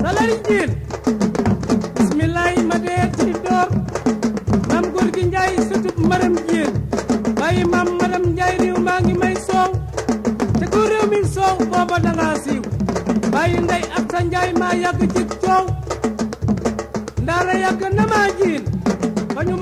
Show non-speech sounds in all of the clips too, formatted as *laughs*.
salay jiin bismillaay ma dee ci door maam góor gi njaay sutub maram jiin bàyyi maam maram njaay réew maa ngi may soow te ko réew mi soow booba danga siiw bàyyi ndey ak sa njaay maa yàgg ci coow ndaara yàgg na maa jiin ba ñu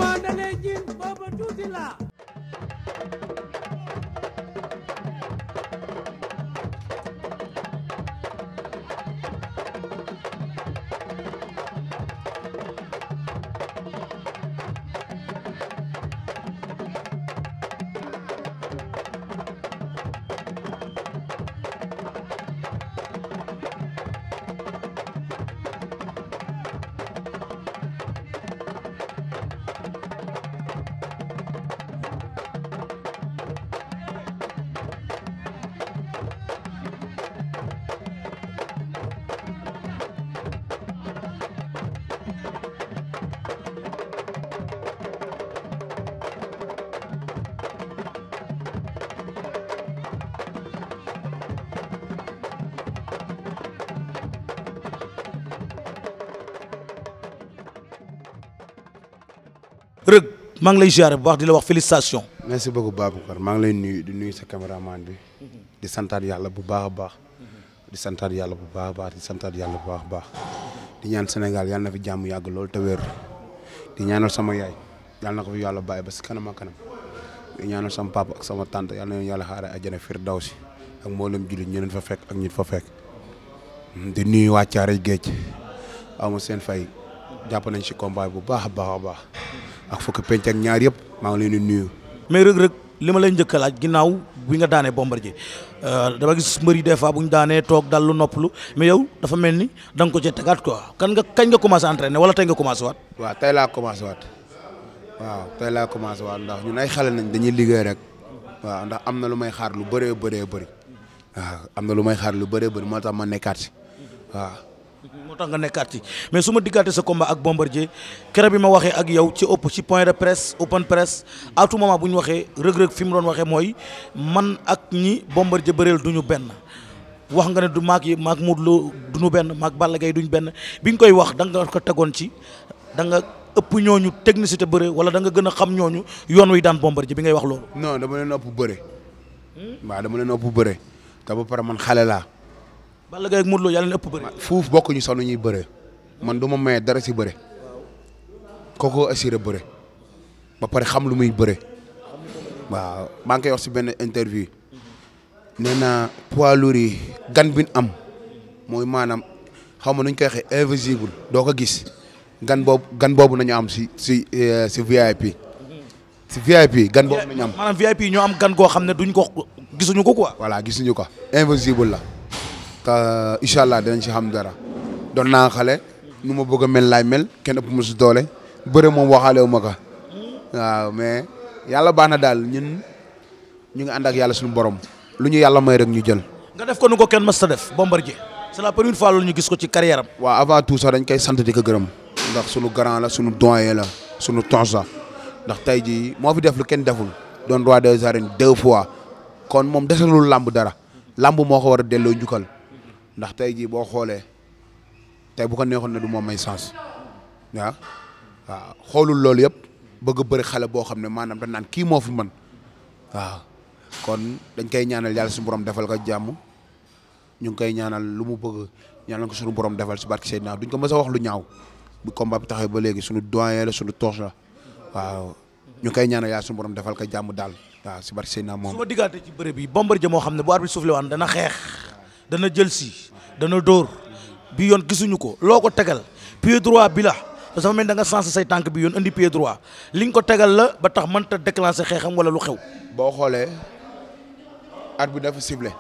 yëpp maa ngi lay ziare bu baax di la wax félicitation. merci beaucoup Babacar maa ngi lay nuyu di nuyu sa caméraman bi. di santaat yàlla bu baax a baax. di santaat yàlla bu baax a baax di santaat yàlla bu baax a baax. di ñaan Sénégal yàlla na fi jàmm yàgg lool te wér. di ñaanal sama yaay yàlla na ko fi yàlla bàyyi ba si kanam ak kanam. di ñaanal sama papa ak sama tante yàlla na leen yàlla xaaree àjjana firdawsi ak mboolem jullit ñu leen fa fekk ak ñi fa fekk. di nuyu waa Caaray Géej aw ma seen fay jàpp nañ si combat bu baax a baax a baax. ak fukki penc ñaar yëpp maa ngi leen di nuyu. mais rëg-rëg li ma lay njëkk a laaj ginnaaw bi nga daanee Bombardier euh, dama gis mbër yi des fois bu ñu daanee toog dal lu nopp lu mais yow dafa mel ni da nga ko cee tegaat quoi kan nga kañ nga commencé entraîner wala tey nga commencé waat. waa tey laa commencé waat waaw tey laa commencé waat ndax ñu ay xale nañ dañuy liggéey rek waaw ndax am na lu may xaar lu bëree bëree bari waaw am na lu may xaar lu bëree bëri moo tax ma nekkaat si waaw. moo tax nga nekkaat ci mais su ma diggaate sa combat ak Bombardier kere bi ma waxee ak yow ci ëpp ci point de presse open presse à tout moment bu ñu waxee rëg-rëg fi mu doon waxee mooy man ak ñi Bombardier bëreel du ñu benn wax nga ne du maag yi maag Modou loo du ñu benn maag Balla Gaye duñ benn bi nga koy wax danga nga ko tegoon ci da nga ëpp ñooñu technicité bëre wala da nga gën a xam ñooñu yoon wi daan Bombardier bi ngay wax loolu. non dama leen ëpp bëre. waaw dama Balla Gaye ak Lo yàlla na ëpp bëri. fuuf bokkuñu sax nu ñuy bëree man du ma dara si bëre kooku assuré bëre ba pare xam lu muy bëre waaw maa ngi koy wax si benn interview nee na poids lourd gan bi am mooy maanaam xaw ma nu ñu koy waxee invisible doo ko gis gan boobu gan boobu nañu am si si si euh, VIP. si VIP gan boobu nañu am. maanaam VIP ñoo am gan goo xam ne duñ ko gisuñu ko quoi. voilà gisuñu ko invisible la. incha allah dinañ si xam dara doon naa xale nu ma bëgg a mel laay mel kenn ëpp mu si doole bëre moom waxaale wu ma ko waaw mais yàlla baax na daal ñun ñu ngi ànd ak yàlla suñu borom lu ñu yàlla may rek ñu jël. nga def ko nu ko kenn mës ta def Bombardier c'est la première fois loolu ñu gis ko ci carrière am. waaw avant tout sax dañ koy sant di ko gërëm. ndax suñu grand la sunu doyen la sunu tonsa ndax tey jii moo fi def lu kenn deful doon roi des arènes deux fois kon moom desalul làmb dara làmb moo ko war a delloo njukkal. ndax tey jii boo xoolee tey bu ko neexoon ne du moom may sens waaw waaw xoolul loolu yëpp bëgg a xale boo xam ne maanaam dañ naan kii moo fi man waaw kon dañ koy ñaanal yàlla suñu borom defal ko jàmm ñu ngi koy ñaanal lu mu bëgg ñaanal ko suñu borom defal si barke Seydina duñ ko mës a wax lu ñaaw bu combat bi taxee ba léegi suñu doyen la suñu torche la waaw ñu koy ñaanal yàlla suñu borom jàmm daal waaw si barke Seydina moom. su moo xam ne bu arbitre soufflé waan dana xeex. dana jël si dana dóor bi yoon gisuñu ko loo ko tegal pied droit bi la parce que dafa mel da nga sens say tànk bi yoon indi pied droit li nga ko tegal la ba tax mënta déclencher xeexam wala lu xew. boo xoolee at bi dafa ciblé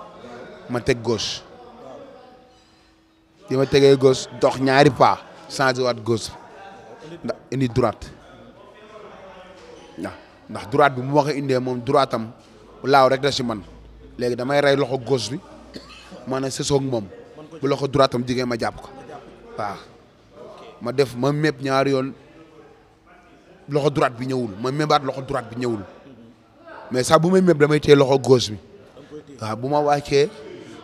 ma teg gauche di ma tegee gauche dox ñaari pas changé waat gauche ndax indi droite ndax ndax droite bi mu waxee indee moom droite am laaw rek la si man léegi damay rey loxo gauche bi. ma ne sësoog moom bu loxo mu jigéen ma jàpp ko waaw ma def ma mépp ñaari yoon loxo droite bi ñëwul ma mébaat loxo droite bi ñëwul mais sax bu may méb damay téye loxo gauche bi waaw bu ma wàccee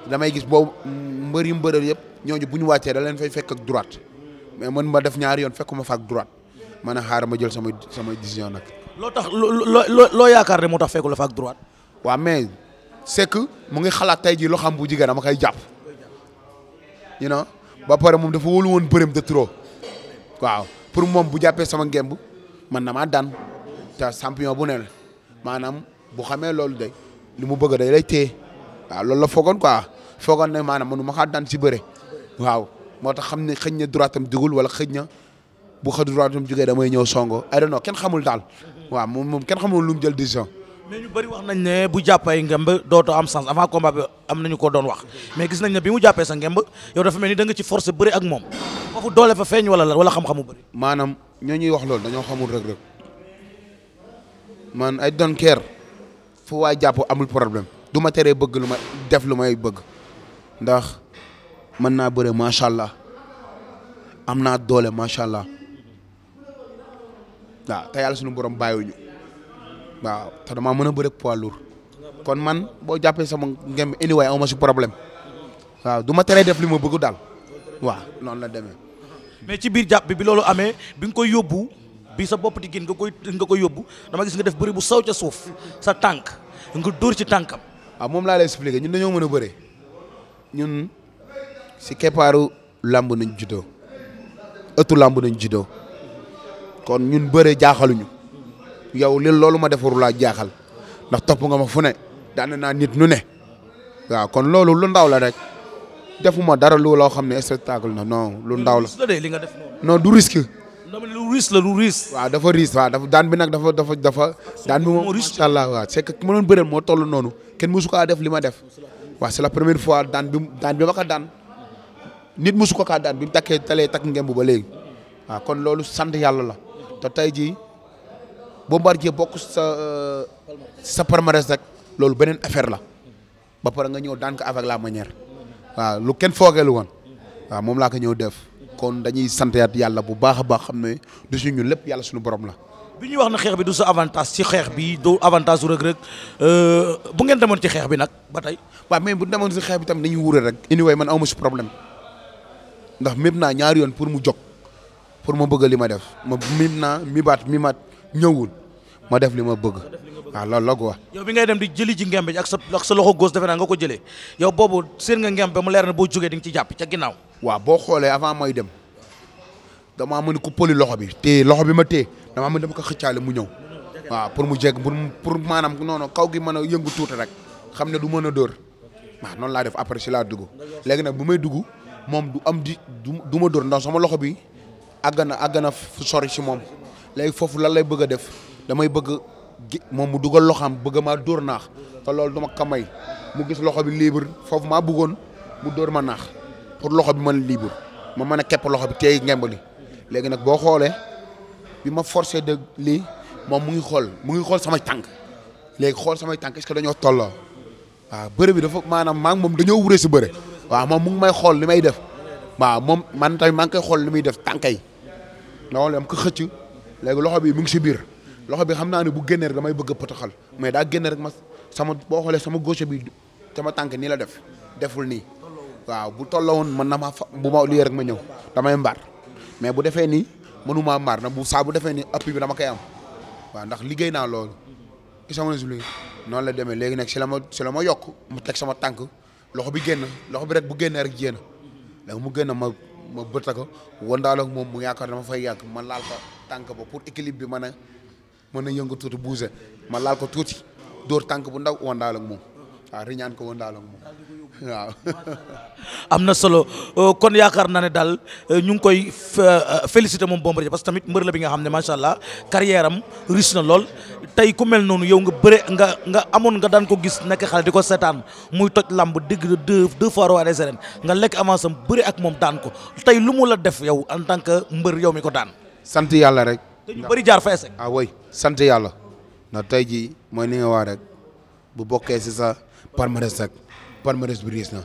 damay gis boobu mbëri mbëral yëpp ñooñu bu ñu wàccee da leen fay fekk ak droite mais man ma def ñaari yoon fekkuma fa ak droite man a xaar ma jël sama sama décision nag. loo tax loo loo yaakaar ne moo tax fekku la fa ak droite. waaw mais. c'est que mu ngi xalaat tey jii loo xam bu jigéen ama koy jàpp you know ba pare moom dafa wóolu woon bërëm de trop waaw pour moom bu jàppee sama ngemb man na maa daan te champion bu ne la maanaam bu xamee loolu day li mu bëgg day lay téye waaw loolu la foogoon quoi foogoon ne maanaam mënu ma kaa daan ci bëre waaw moo tax xam ne xëj na droitam dugul wala xëj na bu xa droitam jugee damay ñëw songo I don't know kenn xamul daal waaw moom moom kenn xamul lu mu jël décision mais ñu bëri wax nañ ne bu jàppay ngemb dootoo am sens avant combat bi am nañu ko doon wax mais gis nañ ne bi mu jàppee sa ngemb yow dafa mel ni da nga ci force bëri ak moom foofu doole fa feeñ wala la wala xam-xamu bëri maanaam ñoo ñuy wax loolu dañoo xamul rëg-rëg man I don't jàpp amul problème du ma teree bëgg lu ma def lu may bëgg ndax mën naa bëre macha allah am naa doole macha allah waaw te yàlla suñu borom bàyyiwuñu waaw te ma mën a bëre poids lourd kon man boo jàppee sama ngem anyway aw ma si problème waaw du ma teree def li ma bëgg daal waaw noonu la demee. mais ci biir jàpp bi bi loolu amee bi nga koy yóbbu bi sa bopp di génn nga koy nga koy yóbbu dama gis nga def bëri bu saw ca suuf sa tànk nga dóor ci tànkam. waaw ah, moom laa lay expliqué ñun dañoo mën a bëre ñun si keppaaru làmb nañ juddoo ëttu làmb nañ juddoo kon ñun bëre jaaxaluñu. yow li loolu ma defaru laa jaaxal ndax topp nga ma fu ne daan naa nit nu ne waaw kon loolu lu ndaw la rek ma dara lu loo xam ne spectacle na noo lu ndaw la. li nga def non du risque. lu risque la lu risque. waa dafa risque waaw dafa daan bi nag dafa dafa dafa. daan bi moom macha allah waaw c'est que ki moo toll noonu kenn musu kaa def li ma def waaw c'est la première fois daan bi daan bi ma ko daan nit musu ko kaa daan bi mu takkee talee takk ngemb ba léegi waaw kon loolu sant yàlla la te tey jii. boo Bombardier bokk sa euh, sa palmarès rek loolu beneen affaire la ba pare nga ñëw daan ko avec la manière waaw lu kenn foogeelu woon waaw moom laa ko ñëw def kon dañuy sant yàlla bu baax a baax xam ne du si ñu lépp yàlla suñu borom la. bi ñuy wax na xeex bi du sa avantage ci xeex bi du avantage su Reug Reug euh, bu ngeen demoon ci xeex bi nag ba tey. waaw mais bu demoon si xeex bi tam nañu wuure rek. anyway man awma si problème ndax mim naa ñaari yoon pour mu jóg pour ma bëgg li ma def ma naa mibaat mimaat ñëwul ma def li ma bëgg waaw loolu la quoi. yow bi ngay dem di jëli ji ngembe ak sa ak sa loxo góos defe naa nga ko jëlee yow boobu seen nga ba mu leer na boo jógee di nga ci jàpp ca ginnaaw. waa boo xoolee avant may dem damaa mën ku pëli loxo bi téye loxo bi ma téye damaa mën dama ko xëccaale mu ñëw waaw pour mu jégg pour pour maanaam noonu kaw gi mën a yëngu tuuti rek xam ne du mën a dóor waaw noonu laa def après si laa dugg léegi nag bu may dugg moom du am di du ma dóor ndax sama loxo bi àgg na àgg na sori si moom. léegi foofu lan lay bëgg a def damay bëgg moom mu dugal loxaam bëgg maa dóor naax te loolu duma ko may mu gis loxo bi libre foofu maa bëggoon mu dóor ma naax pour loxo bi mën libre ma mën a képp loxo bi tey ngembali léegi nag boo xoolee bi ma forcé de lii moom mu ngi xool mu ngi xool samay tànk léegi xool samay tànk est-ce que dañoo tolloo waaw bëre bi dafa maanaam maa ngi moom dañoo wure si bëre waaw moom mu ngi may xool li may def waaw moom man tamit maa ngi koy xool li muy def tànk yi loolu dama ko xëcc léegi loxo bii mu ngi si biir loxo bi xam naa ne bu génnee rek damay bëgg a pëtaxal mais daa génne rek ma sama boo xoolee sama gauche bi sama tànk nii la def deful nii waaw bu tollowoon man na maa fa bu ma lii rek ma ñëw damay mbaar mais bu defee nii mënumaa mbaar na bu saabu defee nii appui bi dama koy am waaw ndax liggéey naa loolu sama sulu noonu la demee léegi nag si la ma si la ma yokk mu teg sama tànk loxo bi génn loxo bi rek bu génnee rek jéena léegi mu génn ma ma bëtta ko wandaal ak moom mu yaakaar dama fay yàgg ma laal ko tànk ba pour équilibre bi mën mën a yëngu tuuti bouger ma laal ko tuuti dóor tànk bu ndaw wandaal ak moom waaw riñaan ko woon daal ak *laughs* am na solo euh, kon yaakaar naa ne daal euh, ñu ngi koy euh, félicité moom Bombardier parce que tamit mbër la bi nga xam ne macha allah carrière am na lool tey ku mel noonu yow nga bëre nga nga amoon nga daan ko gis nekk xale di ko seetaan muy toj làmb dégg na deux deux fois roi des nga lekk avance am bëre ak moom daan ko tey lu mu la def yow en tant que mbër yow mi ko daan. sant yàlla rek. te ñu bëri jaar fa échec. ah oui sant yàlla. na tey ji mooy ni nga rek palmarès nag palmarès bi riis na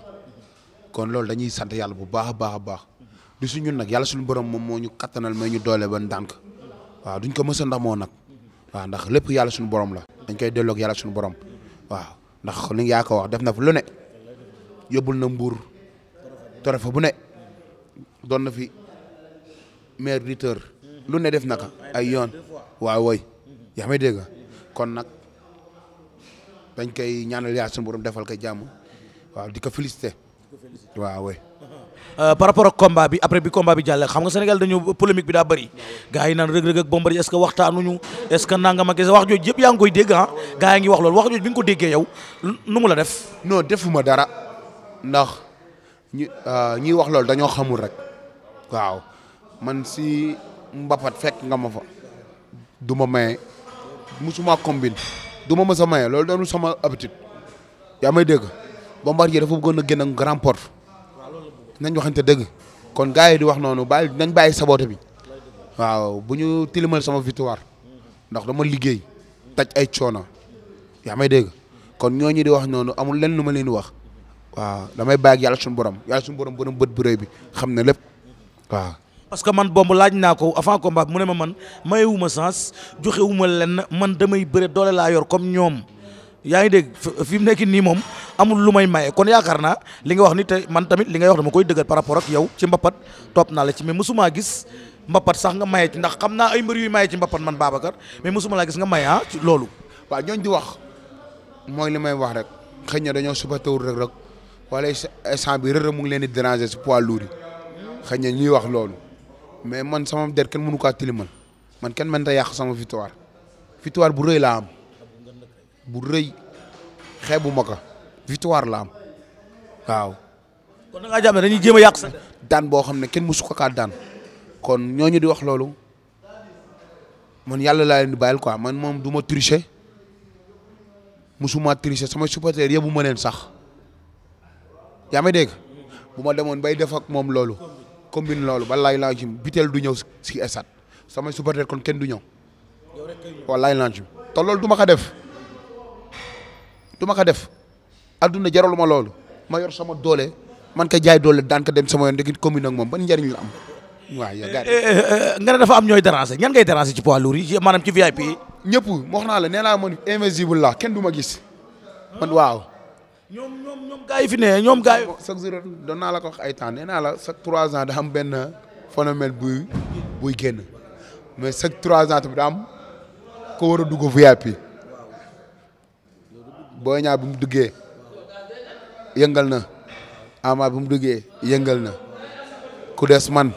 kon loolu dañuy sant yàlla bu baax a baax a baax du su ñun nag yàlla suñu borom moom moo ñu kattanal mooy ñu doole ba ndànk waaw duñ ko mës a ndamoo nag waaw ndax lépp yàlla suñu borom la. dañ koy delloo ak borom waaw ndax li yaa wax def na fa lu ne yóbbul na mbuur torofa bu ne doon na fi maire riteur lu ne def na ay yoon waaw wooy yaa kon nag. dañ koy ñaanal yaa suñu defal ko jàmm waaw di ko félicité waaw euh, par rapport ak combat bi après bi combat bi jàll xam nga Sénégal dañu polémique bi daa bëri gars yi naan rëg-rëg ak Bombardier est-ce que waxtaanuñu est-ce que nangam ak wax jooju yëpp yaa ngi koy dégg ah ngi wax loolu wax jooju bi nga ko déggee yow nu mu la def. non defuma dara ndax ñi euh, wax loolu dañoo xamul rek waaw man si mbapat fekk nga ma fa du ma maye musuma combine du ma mës a maye loolu doonul sama habitude yaa may dégg Bombardier dafa bëggoon a génn ak grand porte nañ waxante dëgg kon gars yi di wax noonu bàyyi nañ bàyyi saboté bi waaw bu ñu tilimal sama victoire ndax dama liggéey taj ay coono yaa may dégg kon ñooñu di wax noonu amul lenn lu ma leen wax waaw damay bàyyi ak yàlla suñu borom yàlla suñu borom borom bët bu rëy bi xam na lépp parce que man bomb laaj naa ko avant combat bi mu ne ma man mayewuma sens joxewuma lenn man damay bëre doole laa yor comme ñoom yaa ngi dégg fi mu nekk nii moom amul lu may maye kon yaakaar naa li nga wax ni te man tamit li ngay wax dama koy dëggal par rapport ak yow ci mbapat topp naa la ci masuma mosumaa gis mbapat sax nga maye ci ndax xam naa ay mbër yuy maye ci mbapat man Babacar mais masuma laa gis nga maye ah ci loolu. waaw ñooñ di wax mooy li may wax rek xëy na dañoo suba tawul rek rek wala instant bi rëra mu ngi leen di déranger si poids lourd yi xëy na ñuy wax loolu. mais man sama der kenn mënu kaa tilimal man kenn mën ta yàq sama victoire victoire bu rëy laa am bu rëy xeebu ma ko victoire la waaw. kon da ngaa jàpp ne sa. daan boo xam ne kenn mësu ko kaa daan kon ñooñu di wax loolu man yàlla laa leen di bàyyil man moom duma ma tricher mësuma tricher sama supporter yëbu ma leen sax yaa may dégg bu ma bay defak moom loolu. combine loolu ba laay laajum biteel du ñëw si esat samay supporter kon kenn du ñëw waaw laay laajum te loolu du ma def du ma ko def adduna jaralu loolu ma yor sama doole man ka jaay doole daan ko dem sama yoon dégg commune moom ban njëriñ la am waaw yow gars eh, eh, eh, nga ne dafa am ñooy déranger ñan ngay déranger ci poids lourd yi maanaam ci VIP yi. ñëpp wax naa la nee naa man invisible la kenn du ma gis man waaw. ñoom ñoom fi ne ñoom gars yi. chaque jour doon naa la ko ay temps nee naa la chaque trois ans da am benn buy buy génn mais chaque trois ans tamit daam ko war a dugg VIP boo ñaar bu mu duggee yëngal na ama bu mu duggee yëngal na ku des man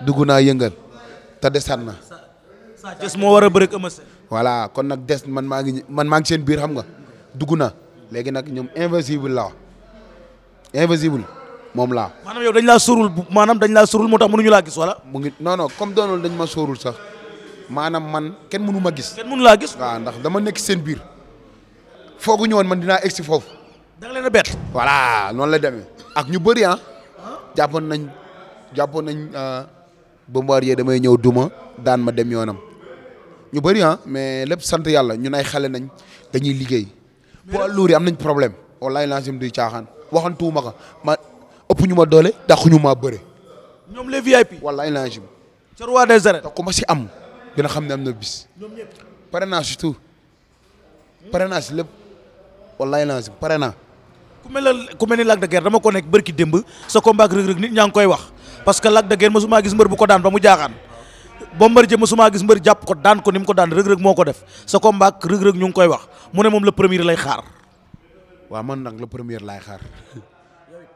dugg naa yëngal te desaat na. saa des moo war a bëri ak Eumeu kon nag des man maa ngi maa ngi seen biir xam nga dugg na. léegi nag ñoom invisible laa invisible moom laa. maanaam yow dañ laa sóorul maanaam dañ laa sóorul moo tax mënuñu laa gis wala. mu ngi non non comme dañ ma sorul sax maanaam man kenn mënu ma gis. kenn laa gis. waaw ndax dama nekk seen biir fooguñu woon man dinaa egg si foofu. da nga leen a bet voilà noonu la demee ak ñu bëri ah. jàppoon nañ jàppoon nañ euh, Bombardier damay ñëw duma daan ma dem yoonam ñu bëri ah mais lépp sant yàlla ñun ay xale nañ dañuy liggéey. poids lourd yi am nañ problème wallaay lancim di caaxaan waxantuuma ko ma ëpp ñu ma doole dàq ñu maa bëre. ñoom les VIP. wallaay lancim. ca roi des arènes. te ku ma si am dina xam ne am na bis. ñoom ñëpp pare naa surtout pare naa si lépp wallaay lancim pare naa. ku mel ne dama ko nekk bërki démb sa combat ak Reug Reug nit ñaa ngi koy wax parce que Lac de Guiers mosuma gis mbër bu ko daan ba mu jaaxaan. Bombardier mësuma gis mbër jàpp ko daan ko ni mu ko daan rëg-rëg moo ko def sa combat ak rëg-rëg ñu ngi koy wax mu ne moom le premier lay xaar waaw man nag le premier laay xaar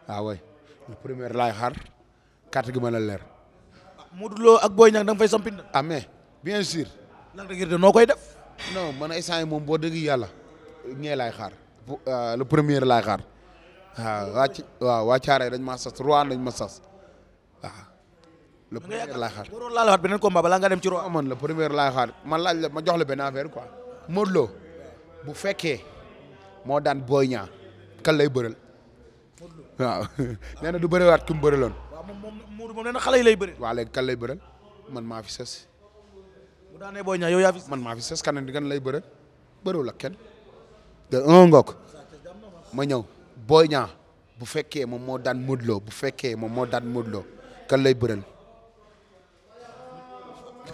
waaw *laughs* ah laay xaar carte gi ma la leer Modou Lo ak booy Niang da nga fay sampin ah mais bien sûr Lac de Guiers de noo koy def non man instant yi moom boo dëgg yàlla ñee laay xaar euh, le premier laay xaar ah, waaw waa waaw waa dañ ma sas Roanne dañ ma sas le premier laay xaar waroon laa la xaar beneen combat balaa nga dem ci roo amoon ma la ma jox la benn affaire quoi Modou Lo bu fekkee moo daan Boy Niang kan lay bëreel waaw *laughs* nee na du bëriwaat ku mu bëriloon waaw moom lay bëri waaw léegi kan man maa fi sës bu daanee Boy Niang yow yaa fi man maa fi sës kan di kan lay bëreel bëriwul ak kenn de un ngoog ma ñëw Boy Niang bu fekkee moom moo daan Modou bu fekkee moom moo daan Modou kan lay bëreel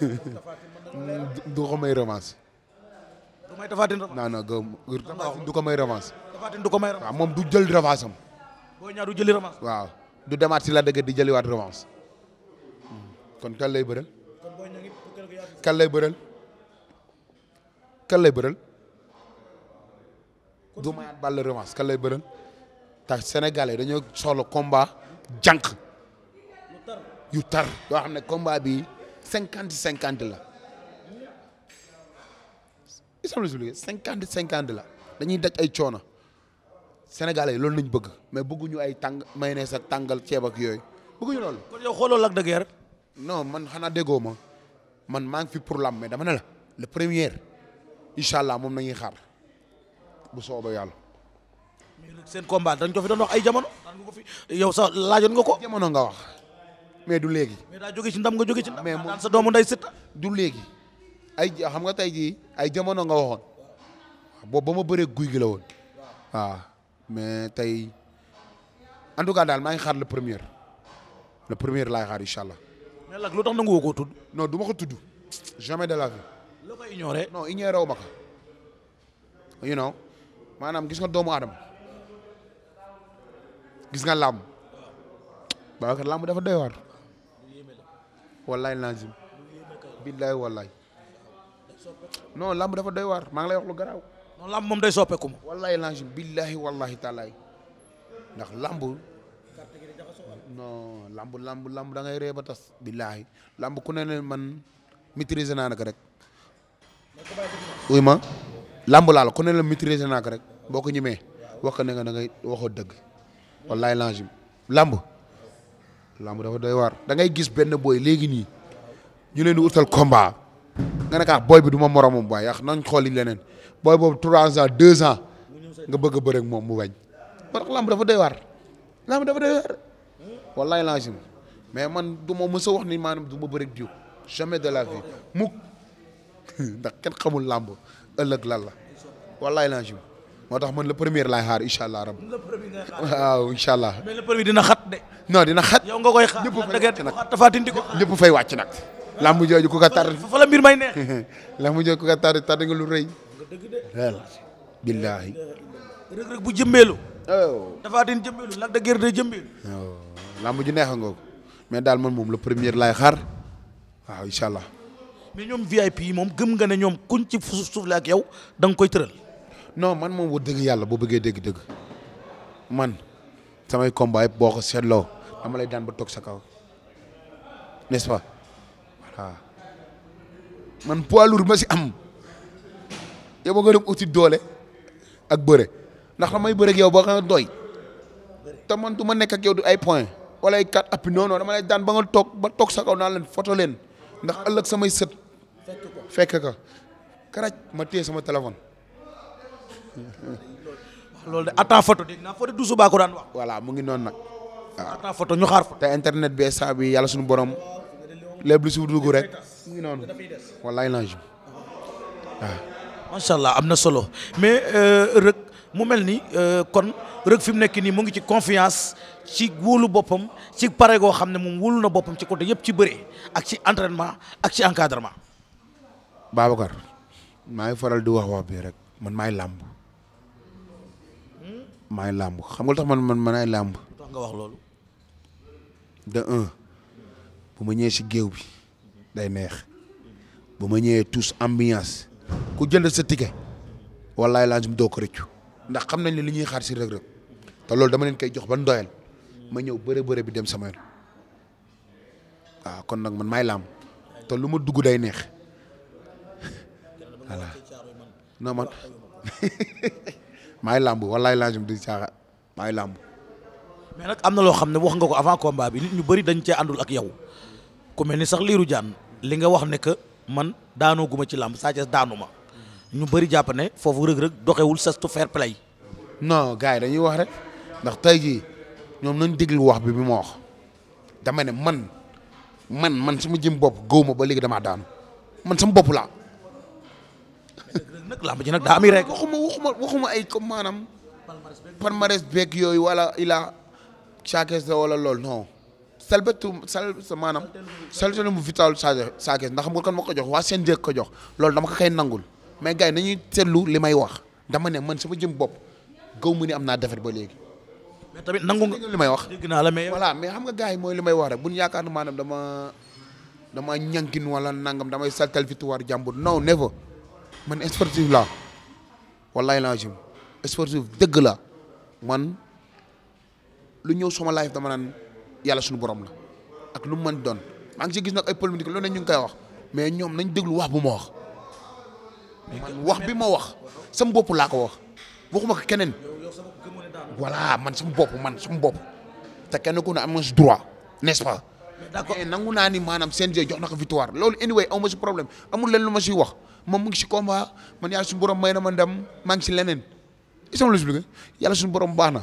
*laughs* du ko may revanche. du may Tapha Tine revanche ko may revanche. Tapha Tine du moom du jël revanche am. Boy Niang du waaw du demaat si la dëgg di jëliwaat revanche. Hmm. kon kan lay bëreel. kon Boy Niang kan lay bëreel. kan lay bëreel. du mayaat Balla revanche kan lay bëreel. tax Sénégalais dañoo soxla combat jànq. yu bi cinquante cinquante la isam la expliqué cinquante cinquante la dañuy daj ay coono sénégale loolu lañ bëgg mais bëgguñu ay tàng mayonnaise sa tàngal ceeb ak yooyu bëgguñu loolu. kon yow xooloo Lac de Guiers. non man xanaa déggoo ma man maa ngi fi pour lam dama na la le premier incha allah moom nañuy xaar bu soobee yàlla. seen combat dañ ko fi doon wax ay jamono. yow sax laajoon nga ko. jamono nga wax. mais du léegi. mais daa jóge ndam nga jóge ci ndam. mais sa doomu nday Siteu. du léegi ay xam nga tey jii ay jamono nga waxoon. boobu ba ma bëree guy gi la woon. waaw mais tey en tout cas daal maa ngi xaar le premier le premier laay xaar allah. mais nag lu tax nangu woo koo tudd. ma ko tudd. jamais de la vie. loo koy maanaam gis nga doomu aadama gis nga làmb. waaw kat làmb dafa day waar. wallaay lazim billaay wallaay non lamb dafa doy waar maa ngi lay wax lu garaaw. non lamb moom day soppeeku ma. wallaay lazim billahi wallahi taalaay ndax lamb. non lamb lamb lamb da ngay ree billahi lamb ku ne man maîtriser naa naka rek. ma lamb laa ku ne la maîtriser naa ko rek boo ko ñemee wax ne nga ngay waxoo dëgg wallaay lazim lamb. lamb dafa doy waar da ngay gis benn booy léegi nii ñu leen di utal combat nga ne ah booy bi duma ma moromam booy yàq nañ xooli leneen booy boobu trois ans deux ans nga bëgg a bëre moom mu bañ parce que lamb dafa doy waar lamb dafa doy waar wallaay laa si mais man du ma mës a wax ni maanaam duma ma bëre ak jamais de la vie mukk *laughs* ndax kenn xamul lamb ëllëg lan la wallaay laa si moo tax man le premier laay xaar incha allah rab. waaw incha allah. mais dina xat de. non dina xat. yow nga koy xaar ñëpp fay wàcc nag ñëpp fay wàcc nag. lamb jooju ku ko tar fa la mbir may neex. *laughs* lamb jooju ku ko tar tar nga lu rëy. billaahi. Reug Reug bu jëmbeelu. Oh. Tapha Tine jëmbeelu oh. neex nga ko mais daal man moom le premier laay xaar waaw mais ñoom VIP yi moom gëm nga ne ñoom kuñ ci suuf la ak yow da koy tëral. non man moom wax dëgg yàlla boo bëggee dëgg-dëgg man samay combat yëpp boo ko seetloo dama lay daan ba toog sa kaw n'est-ce man poids lourd ma si am yow ma nga dem uti doole ak bëre ndax damay bëre ak yow ba nga doy te man du ma nekk ak yow ay point wala ay quatre appuis non non dama lay daan ba nga toog ba toog sa kaw naa leen foto leen ndax ëllëg samay sët fekk ko karaj ma téye sama téléphone loolu de atta photo dégg naa photo du subaa ko daan wax. voilà mu ngi noonu nag. waaw photo ñu xaar fa. te internet bi instant bi yàlla suñu borom lépp lu rek mu ngi noonu walaay lange waaw. macha allah am na solo mais euh, rek mu mel ni euh, kon rek fi mu nekk nii mu ngi ci confiance ci wóolu boppam ci pare goo xam ne moom wóolu na boppam ci côté yëpp ci bëree ak ci entraînement ak ci encadrement. Babacar maa ngi faral di wax wax bi rek man maay làmb. maay làmb xam nga lu tax man man man ay làmb. tax nga wax loolu. de un bu ma ñëwee si géew bi day neex bu ma ñëwee tous ambiance ku jël sa ticket wallaay laa mu doo ko rëccu ndax xam nañ ne li ñuy xaar si Reug Reug te loolu dama leen koy jox ban doyal ma ñëw bëre bëre bi dem sama yoon waaw kon nag man maay làmb te lu ma dugg day neex voilà non man. *laughs* maay làmb walaay laajum di caaxaan maay làmb. mais nag am na loo xam ne wax nga ko avant combat bi nit ñu bëri dañ cee àndul ak yow ku mel ni sax liiru jaan li nga wax ne que man daanoo ci làmb Sa Thiès daanu ma ñu bari jàpp ne foofu rëg-rëg doxewul sastu fair play non gars yi dañuy wax rek ndax tey jii ñoom nañ déglu wax bi bi ma wax dama ne man man man sama jëm bopp góob ma ba léegi damaa daanu man sama bopp laa. nag làmb ji nag daa ami rek. waxuma waxuma ay comme maanaam. palmarès beeg yooyu wala ila Sakess la wala lool non. salbetu sal sa maanaam salbetu mu vital Sakess ndax xam nga kam ma ko waa seen njëkk ko jox loolu dama ko nangul mais gars yi nañuy seetlu li may wax dama ne man sama jëm bopp gaw ma ni am naa defet ba léegi. tamit nangu nga li may wax dégg naa la mais. voilà mais xam nga gars yi mooy li may wax rek bu ñu yaakaar maanaam dama dama ñangin wala nangam damay saltal victoire jàmbur ne never man sportif la wallahi laa jëm sportif dëgg la man lu ñëw sama life dama naan yàlla suñu borom la ak lu mu mën doon maa ngi si gis na ay polémique lu ne ñu ngi koy wax mais ñoom nañ déglu wax bu ma wax. man wax bi ma wax sam boppu laa ko wax waxuma ko keneen. voilà man sama bopp man sama bopp te kenn ku ne am na si droit n'est-ce pas. d'accord nangu naa ni maanaam CNG jox na ko victoire loolu anyway aw ma si problème amul leen lu ma siy wax. moom mu ngi si combat man yàlla suñu borom may na ma ndam maa ngi si leneen is ma yàlla suñu borom baax na.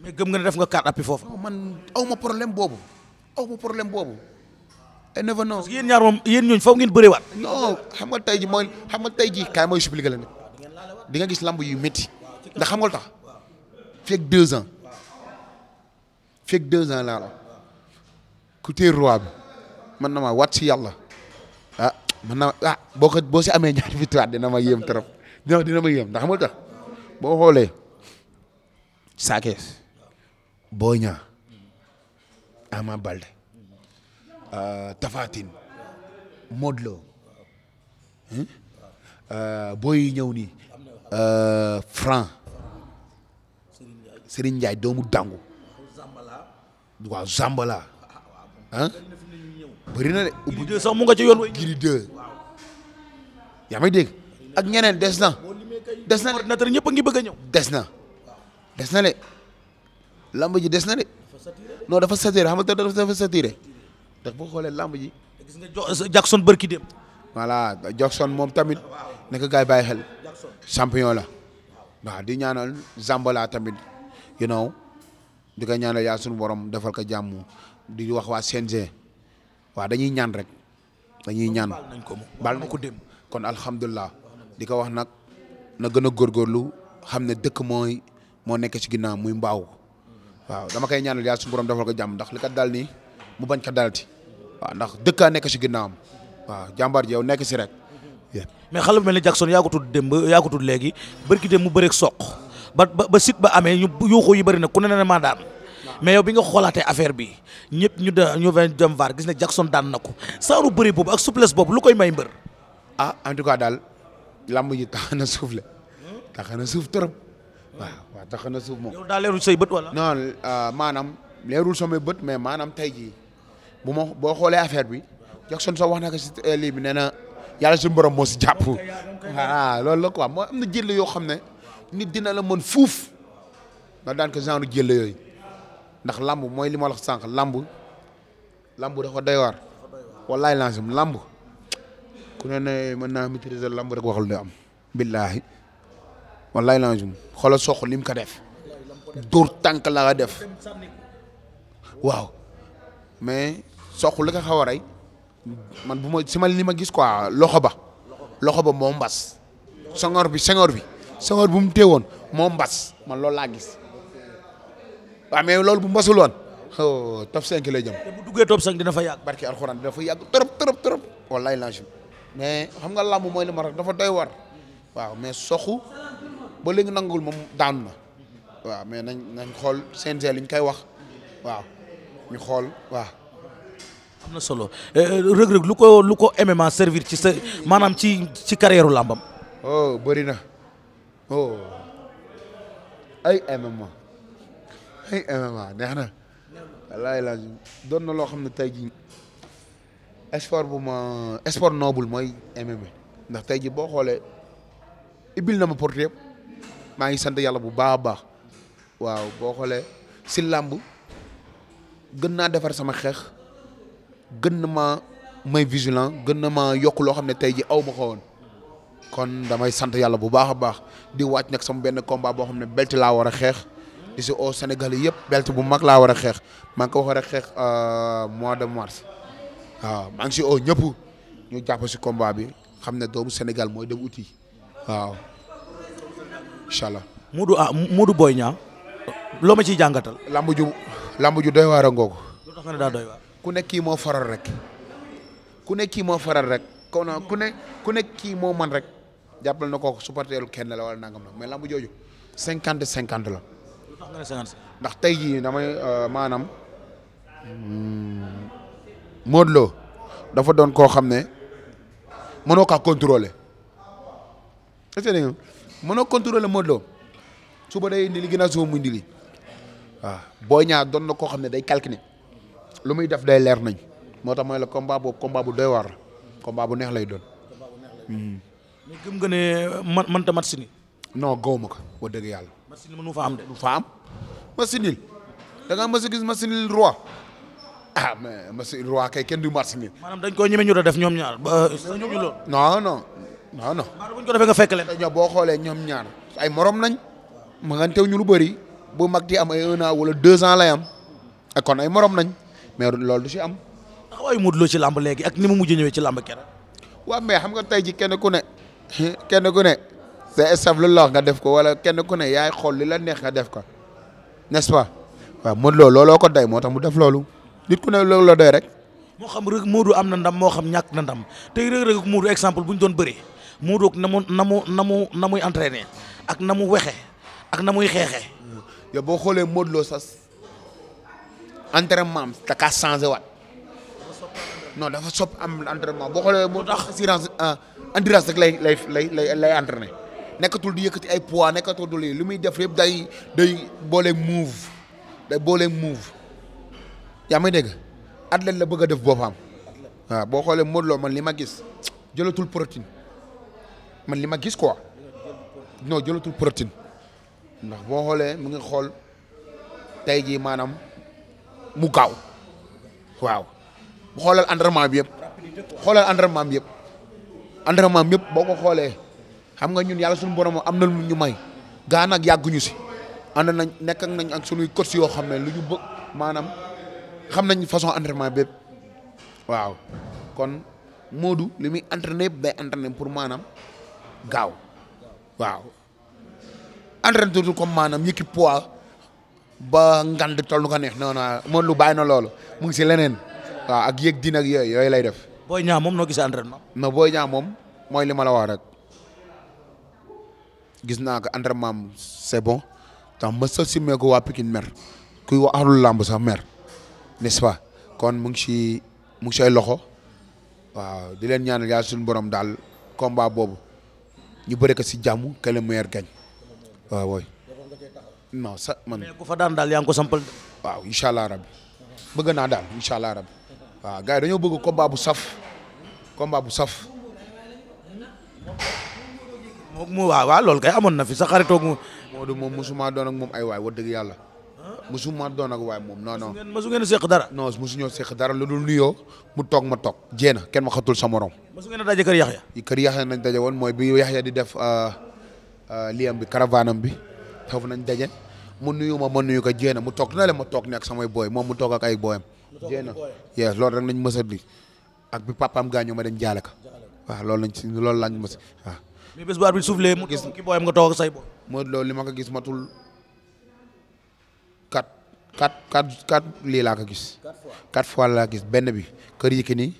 mais gëm nga ne def nga carte foofa man aw ma problème boobu aw ma problème boobu. et never know parce yéen ñaar moom yéen ñooñu foofu ngeen bëriwaat. waat xam nga tey ji mooy xam nga tey ji kaay mooy expliqué la nag di nga gis lamb yu meti ndax xam nga lu tax fekk deux ans fekk deux la ku téye roi man na ma wat si yàlla ah, man na la ah, boo ko boo si amee ñaari *laughs* victoire dina ma yéem trop dina dina ma yéem ndax xamul boo xoolee Sa Thiès Boy Niang Ama Baldé euh, Tapha Tine Modou Lô euh, booy yi ñëw nii euh, Franc Serigne doomu dàngu waaw Zambala ah na de. Gris 2 sax ci yoon. Gris 2 yaa may dégg ak ñeneen des na. des na ñëpp a ngi bëgg a ñëw. des na des na de lamb ji des na de non dafa saturé xam nga dafa saturé ndax boo xoolee lamb ji. gis nga euh, Jackson bërki dem. voilà Jackson moom tamit naka gaay bàyyi xel. champion la waa di ñaanal Zambala tamit you know di ko ñaanal yaa suñu borom defal ko jàmm di wax waa CNG waaw dañuy ñaan rek dañuy ñaan. baal nañ ko kon alhamdulilah di ko wax nag na gën a góorgóorlu xam ne dëkk mooy moo nekk ci ginnaaw muy mbaaw waaw dama koy ñaanal yàlla suñu borom defal ko jàmm ndax li kat dal nii mu bañ ko dalti waaw ndax dëkk a nekk ci ginnaawam waaw jàmbaar ji yow nekk si rek. mais xale bu mel ni Jackson yaa ko tudd démb yaa ko tudd léegi barki démb mu bëreeg soq ba ba site ba amee ñu yuuxu yi bëri na ku ne ne maa daan mais yow bi nga xoolaatee affaire bi ñëpp ñu da ñu dem vaar gis ne Jackson daan na ko saaru bëri boobu lu koy may ah en tout cas daal làmb ji tax na suuf la tax na suuf trop waaw waaw tax na suuf moom. yow daa leerul say bët wala. Euh, maanaam leerul samay bët mais maanaam tey jii bu ma boo xoolee affaire bi Jackson soo wax na ko si euh, lii bi nee na borom moo si jàpp. ah loolu la moo am na jël yoo xam ne nit dina la mën fuuf nga daan ko genre jël yooyu ndax làmb mooy li ma la wax sànq làmb làmb dafa doy waar. wallaay lancé làmb. ku ne ne mën naa maîtriser lamb rek waxul ne am. billaahi wallaahi laa jum xoolal sox lim ko def. dóor tànk la def. waaw mais sox li ko xaw a man bu ma si ma li ma gis quoi loxo ba. loxo ba moo mbas. sangoor bi sangoor bi. sangoor bu mu teewoon moo mbas man loolu laa gis waaw mais loolu bu mbasul woon oh, top 5 lay jëm. dina fa yàgg. barki alxuraan dina fa yàgg trop trop trop. wallaay laa mais xam nga làmb mooy la ma rek dafa doy war waaw mais soxu ba léegi nangul moom daanu na waaw mais nañ nañ xool CNG li ñu koy wax waaw ñu xool waaw. am na solo eh, eh, Reug lu ko lu ko MMA servir ci sa maanaam ci ci carrière làmbam. oh bëri na oh ay MMA ay MMA neex na. wallaahi laaj doon na loo xam ne tey jii. sport bu ma sport noble mooy MMA ndax tey ji boo xoolee ibil na ma porte yépp maa ngi sant yàlla bu baax a baax waaw boo xoolee si làmb gën naa defar sama xeex gën na ma may vigilant gën na maa yokk loo xam ne tey ji aw ma kon damay sant yàlla bu baax a baax di wàcc nag sama benn combat boo xam ne belt laa war a xeex di si au Sénégal yëpp belt bu mag laa war a xeex maa ngi ko war a xeex euh, mois de mars waaw maa ngi si oo ñëpp ñu jàpp si combat bi xam ne doomu Sénégal mooy dem uti waaw incha allah. Modou ah Modou Boy loo ma ciy jàngatal. lamb ju lamb ju doy waar a ngoogu. lu tax nga ne daa doy ku nekk moo faral rek ku nekk kii moo faral rek kon ku ne ku nekk kii moo man rek jàppal na kooku supporteelu kenn la wala nangam la mais lamb jooju cinquante cinquante la. ndax tey jii euh, maanaam. Hmm, Modou dafa doon koo xam ne mënoo kaa contrôler est-ce que mënoo contrôler Modou Lo suba day indi li ginnaaw suba mu indi li waaw Boy Niang doon na koo xam ne day calculer lu muy def day leer nañ moo tax mooy la combat boobu combat bu doy waar la combat bu neex lay doon. Hmm. mais gëm nga ne man man ta match ni non gaw ma ko wax dëgg yàlla. match ni mënu fa am de. du fa am match nul da ngaa mës a gis match nul roi. ah mais monsieur Roi kay kenn du marché nii. maanaam dañ koo ñeme ñu doon def ñoom ñaar ba. Euh, ñoom ñu lool non non non non. bu ñu ko defee nga fekk leen. ñoom boo xoolee ñoom ñaar ay morom nañ. ma nga teew ñu lu bëri bu mag di am ay un an wala deux ans lay am ak kon ay morom nañ mais loolu du ci am. taxawaayu Modou Lo ci làmb léegi ak ni mu mujj ñëwee ci làmb keroog. waaw mais xam nga tey ji kenn ku ne *laughs* kenn ku ne sa staff lu la wax nga def ko wala kenn ku ne yaay xool li la neex nga def ko n'est-ce pas waaw Modou Lo looloo ko day moo tax mu def loolu. nit ku ne loolu la doy rek. moo xam rek Modou am na ndam moo xam ñàkk na ndam tey Reug Reug ak Modou exemple bu ñu doon bëree Modou ak na mu na mu na mu na muy entraîné ak na mu wexe ak na muy xeexe. yow boo xoolee Modou Lo sas entraînement am da kaa changé waat non dafa sopp am entraînement boo xoolee moo tax assurance ah, endurance rek lay lay lay lay lay entraîné nekkatul di yëkkati ay poids nekkatul du li muy def yëpp day day booleeg move day booleeg move. yaa may dégg athlète la bëgg a def boppam waaw boo xoolee Modou Lo man li ma gis jëlatul protéine man li ma gis quoi non jëlatul protéine ndax boo xoolee mu ngi xool tey jii maanaam mu gaaw waaw xoolal entraînement bi yëpp xoolal entraînement maam yëpp entraînement bi yëpp boo ko xoolee xam nga ñun yàlla suñu borom am na lu ñu may gaa nag yàgguñu si ànd nañ nekk nañ ak suñuy coach yoo xam ne lu ñu bëgg maanaam xam nañ façon entraînement bépp waaw kon Modou li muy entraîné yëpp day entraîné pour maanaam gaaw waaw entraîné tuuti comme maanaam yëkki poids ba ngand tol nu ko neex non non lu Lô bàyyi na loolu mu ngi si leneen waaw ak yéeg diin ak yooyu yooyu lay def. Boy Niang moom noo gisee entraînement. non booy Niang moom mooy li ma la wax rek gis naa ko entraînement am c'est bon tax ma sa simmee ko waa Pikine mer kuy waxalul làmb sax mer. nest kon mu ngi si mu si ay loxo waaw di leen ñaanal yàlla suñu borom daal combat boobu ñu bëri ko si jàmm que le meilleur gagne waaw wooy daan daal yaa ngi ko sampal. waaw incha allah rabi bëgg naa daal incha allah rab waaw gars yi dañoo bëgg bu saf combat bu saf. moom mu waaw waaw loolu amoon na fi sa xaritoog mu. Modou moom mosuma doon ak moom ay waay wax dëgg yàlla. ma doon ak waaye moom non non. musu ngeen seq dara. non musu ñoo seq dara lu dul nuyoo mu toog ma toog. jéena kenn ma xatul sa morom. musu a daje kër Yaxya. kër Yaxya nañ daje woon mooy bi di def euh, euh, liyam bi bi foofu nañ daje mu nuyu ma ma nuyu ko jéena mu toog na ma toog nekk samay booy moom mu toog ak ay booyam. jéena yes loolu rek nañ mës a di ak bi papaam gaañoo ma dem jaale ka waaw loolu lañ si loolu lañ mës waaw. mais bés bu gis nga toog ak say li ma ko gis matul quatre quatre quatre lii laa ko gis. quatre fois laa gis benn bi kër yi ki nii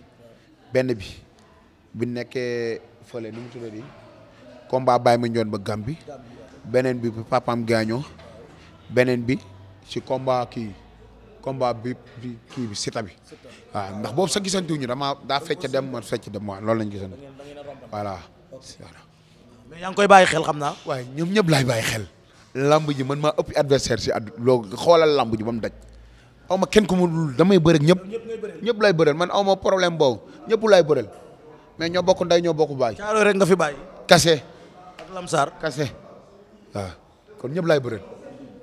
benn bi bi nekkee fële nu mu tuddati combat Baye Mandione ba bi beneen bi papam gaañoo beneen bi ci combat kii combat bi bi kii bi sita bi waaw ndax boobu sa gisante wu ñu dama daa fecc dem ma fecc dem waaw loolu lañ gisante voilà. mais yaa ngi koy bàyyi xel xam naa. waaye ñoom ñëpp laay bàyyi xel. lamb ji man maa ëpp adversaire si addu loo xoolal lamb ji daj aw ma kenn ku mu dul damay bëre ñëpp ñëpp lay bëreel man aw ma problème boobu ñëpp lay bëreel mais ñoo bokk nday ñoo bokk baay. caaro rek nga fi bàyyi. kase. ak lamsaar ñëpp lay bëreel.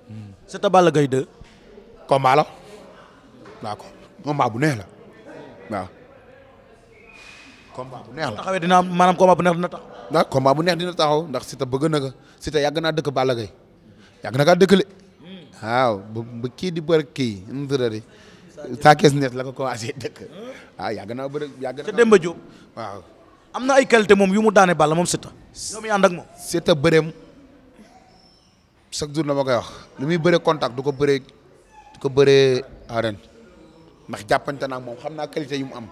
Hmm. Siteu bu neex la waaw. combat bu neex la taxawee dina am bu neex dina taxaw. bu neex dina taxaw ndax Siteu bëgg na ko yàgg naa dëkk Balla Gaye yàgg na kaa dëkkale waaw ba kii di bër kii nu mu tuddati saa kees nees la ko commencé dëkk waaw yàgg naa bëri yàgg naa. te Demba am na ay qualité moom yu mu daane bala moom Siteu. ñoom yaa ànd ak moom. Siteu bëreem chaque jour koy wax lu muy bëree contact du ko bëree du ko bëree jàppante naa moom xam naa qualité yu mu am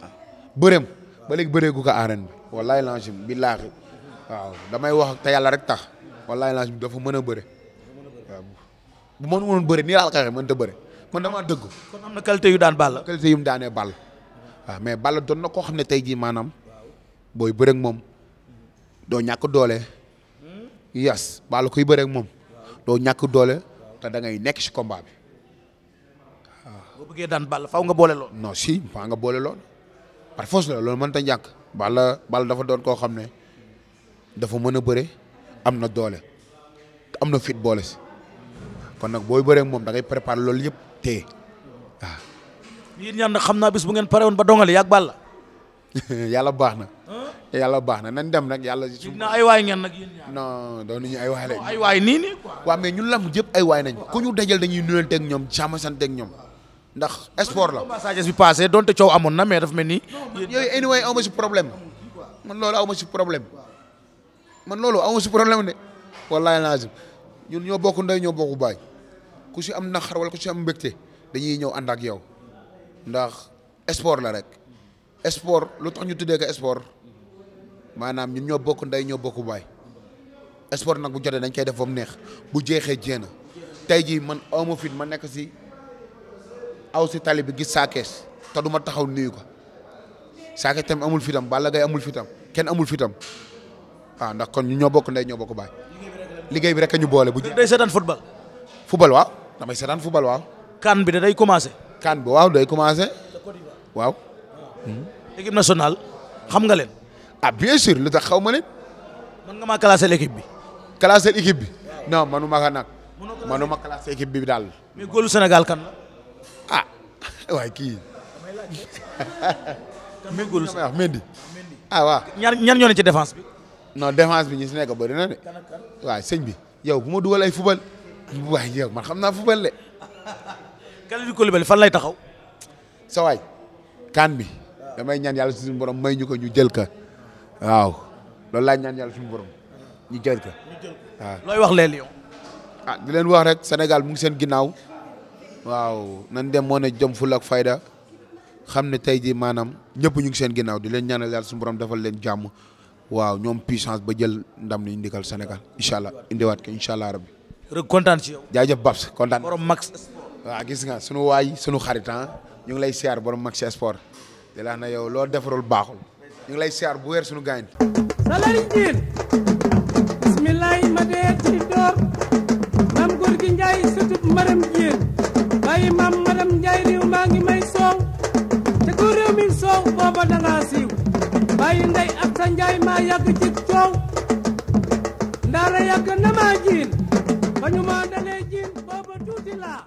waaw bëreem ba gu ko arène bi wallaahi lanchim billaahi damay wax te yàlla wallaay laaj bi dafa mën a bëre. waaw bu ma mënoon bëre nii laa ko waxee mënta bëre man damaa dëgg. kon am na qualité yu daan Balla. qualité yu mu daanee Balla. mais Balla doon na koo xam ne tey jii maanaam booy bëre moom doo ñàkk doole yes Balla kuy bëre moom doo ñàkk doole te da nekk ci combat bi. boo daan Balla faw nga boole lool. non si faa nga boole lool par force la loolu mënta ñàkk. Balla dafa doon koo xam ne dafa mën a bëre. am na doole am na fit boole si kon nag booy bëree moom da ngay loolu yëpp téye waaw. yéen ñaan nag xam naa bis bu ngeen pare ba dongalee yàgg baal la. *laughs* yàlla baax na. yàlla baax na nañ dem nag yàlla. suuf na ay waay ngeen nag yéen ñaar non doon ay waay lañ. ay waay nii nii quoi. ñun lamb jëpp ay waay nañ ku ñu dajal dañuy nuyonteeg ñoom jàmm santeeg ñoom. ndax sport la. message bi passé donte coow amoon na mais daf mel ni. yooyu anyway aw si problème si problème. man loolu amu si problème de wallahi lazim ñun ñoo bokk ndey ñoo bokk baay ku si am naqar wala ku si am mbégte dañuy ñëw ànd ak yow ndax spor la rek spor lu tax ñu tuddee ko spor maanaam ñun ñoo bokk ndey ñoo bokk baay sport nag bu jotee dañ koy def ba mu neex bu jeexee jéena tey jii man amu fit ma nekk si aw si tali gis saakees te duma taxaw nuyu ko saakees tamit amul fitam bala gay amul fitam kenn amul fitam ah ndax kon ñu ñoo bokk ndey ñoo bokk baay. liggéey bi rek ñu boole bu. day seetaan football. football waaw damay seetaan football waaw. kan bi da day commencé. kan bi waaw day commencé. waaw. Hmm. équipe nationale xam nga leen. ah bien sûr lu tax xaw ma leen. mën nga maa classé l'équipe bi. classé l'équipe bi. non ma ka ma équipe bi daal. mais góolu Sénégal kan ah *laughs* waay kii. damay laaj. kan mooy *laughs* ah waaw. ñaar ñoo ne ci défense bi. non défense bi ñu si nekk bëri na de. waaw sëñ bi yow bu ma dugal ay fubal. waaye yow man xam naa fubal de. *laughs* Kalidou Koulibaly fan lay taxaw. sa waay kaan bi. Ah. damay ñaan yàlla suñu borom may ñu ko ñu jël ka waaw loolu laa ñaan borom. ñu jël ka looy wax les Lions. ah di wax rek senegal mu ngi seen ginnaaw. waaw nan dem moo ne jom ful ak fayda xam ne tey jii maanaam ñëpp ñu ngi seen ginaaw di leen ñaanal yàlla suñu defal leen jàmm. waaw ñoom puissance ba jël ndam li ñu ndikal Sénégal incha allah indiwaat ko incha allah rabbi. rek kontaan ci yow. jaajëf Babs kontaan. borom max. waaw gis nga sunu waay sunu xarit ah, ñu ngi lay siyaar borom max sport. di la na yow loo defarul baaxul. ñu ngi lay siyaar bu weer sunu gaañ. salari jiin. bismillahi ma dee ci door. maam góor gi Njaay sutub maram jiin. bàyyi maam maram Njaay réew maa ngi may soow. te ko réew mi soow booba dangaa si. bàyyi ndey ak sa njaay maa yàgg ci coow ndaara yàgg na maa jiin ba ñu maa dalee jiin booba tuuti laa